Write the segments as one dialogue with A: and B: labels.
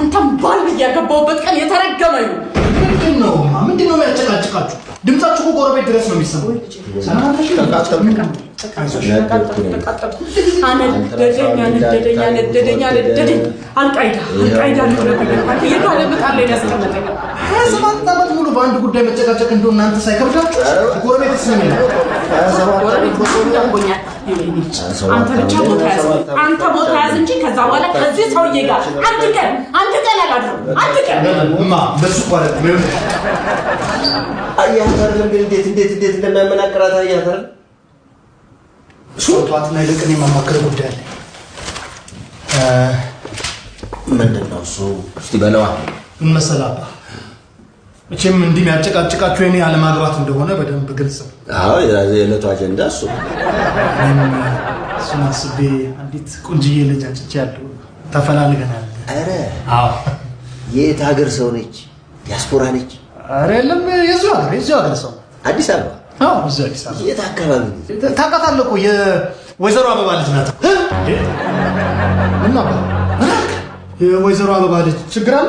A: አንተም ባል ብዬ ያገባሁበት ቀን የተረገመ ይሁን። ምንድን ነው ምንድን ነው የሚያጨቃጭቃችሁ? ድምጻችሁ ጎረቤት ድረስ ነው የሚሰማው። አነደደኝ አነደደኝ አነደደኝ አነደደኝ። አልቃይዳ አልቃይዳ ሰባት ዓመት ሙሉ በአንድ ጉዳይ መጨቃጨቅ እንደው እናንተ ሳይከብዳችሁ ጎረቤት አንተ ብቻ ቦታ ያዝ፣ አንተ ቦታ ያዝ እንጂ ከዛ በኋላ ከዚህ ሰውዬ ጋር አንድ ቀን አንድ ቀን አላድርም። አንድ ቀን እማ በሱ ማለት ነው። ግን እንዴት እንዴት እንዴት እንደሚያመናቅራት አያህ ሶቷት ላይ ልቅን የማማከር ጉዳይ አለ። ምንድን ነው እሱ? እስቲ በለዋ ምን መሰላህ መቼም እንዲህ የሚያጨቃጭቃችሁ የኔ አለማግባት እንደሆነ በደንብ ግልጽ ነው። አዎ የዕለቱ አጀንዳ እሱ። እሱን አስቤ አንዲት ቁንጅዬ ልጅ አጭቼ ያለው ተፈላልገናል። ኧረ አዎ። የት ሀገር ሰው ነች? ዲያስፖራ ነች? ኧረ የለም የዚሁ ሀገር የዚሁ ሀገር ሰው አዲስ አበባ። አዎ እዚሁ አዲስ አበባ። የት አካባቢ ታውቃታለህ እኮ የወይዘሮ አበባ ልጅ ናት። እና የወይዘሮ አበባ ልጅ ችግር አለ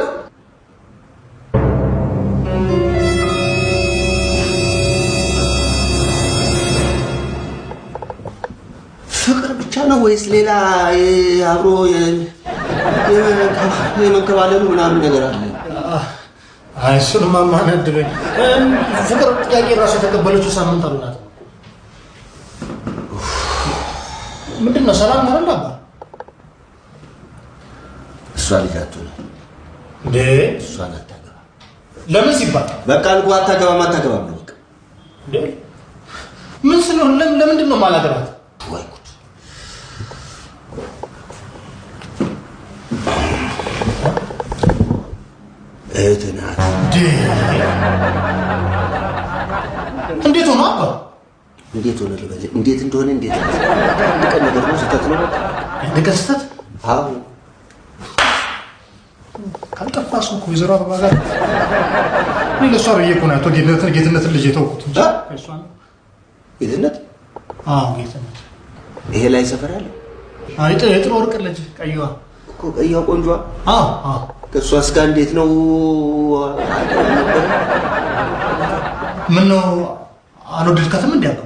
A: ነው ወይስ ሌላ አብሮ የመንከባለሉ ምናምን ነገር አለ? አይ እሱን ማማን እድለኝ ፍቅር ጥያቄ ራሱ የተቀበለችው ሳምንት አሉናት። ምንድን ነው ሰላም ነረላ እሷ ልጅ አትሆንም እንዴ? እሷን አታገባም። ለምን ሲባል በቃ አልኩህ አታገባም፣ አታገባም ምን ስለሆን ለምንድን ነው ማላገባት እህት ናት። እንዴት ሆኖ አባ እንዴት ሆነ ልበል? እንዴት እንደሆነ እንዴት ነው? ቀን ነገር ነው። ስህተት ነው። ነገር ስህተት። አዎ ካልጠፋ ሰው እኮ ወይዘሮ አበባ ጋር እኔ ለእሷ ብዬ እኮ ነው አቶ ጌትነትን ጌትነትን ልጅ የተውኩት እንጂ እሷ ነው ጌትነት። አዎ ጌትነት። ይሄ ላይ ሰፈር አለ። አይ ጥሩ ወርቅ ልጅ ቀይዋ እኮ ቀይዋ ቆንጆዋ። አዎ አዎ ከእሷ እስጋ እንዴት ነው? ምን ነው አልወደድካትም? እንዲያውቅ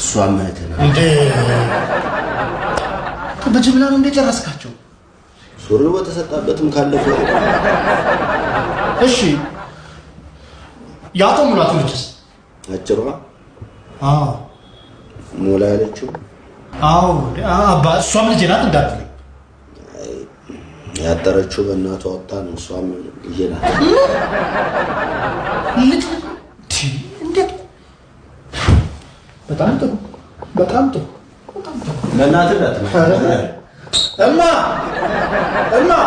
A: እሷ እህትህ ነው እንዴ? በጅምላ ነው እንደ ጨረስካቸው? ሱሪ በተሰጣበትም ካለፈ እሺ። የአቶ ሙላቱ ልጅስ? አጭሯ ሙላ ያለችው አዎ አባ እሷም ልጄ ናት እንዳትል። ያጠረችው በእናቱ ወጣ ነው። እሷም ልጄ ናት። እንዴት! በጣም ጥሩ፣ በጣም ጥሩ፣ እማ እማ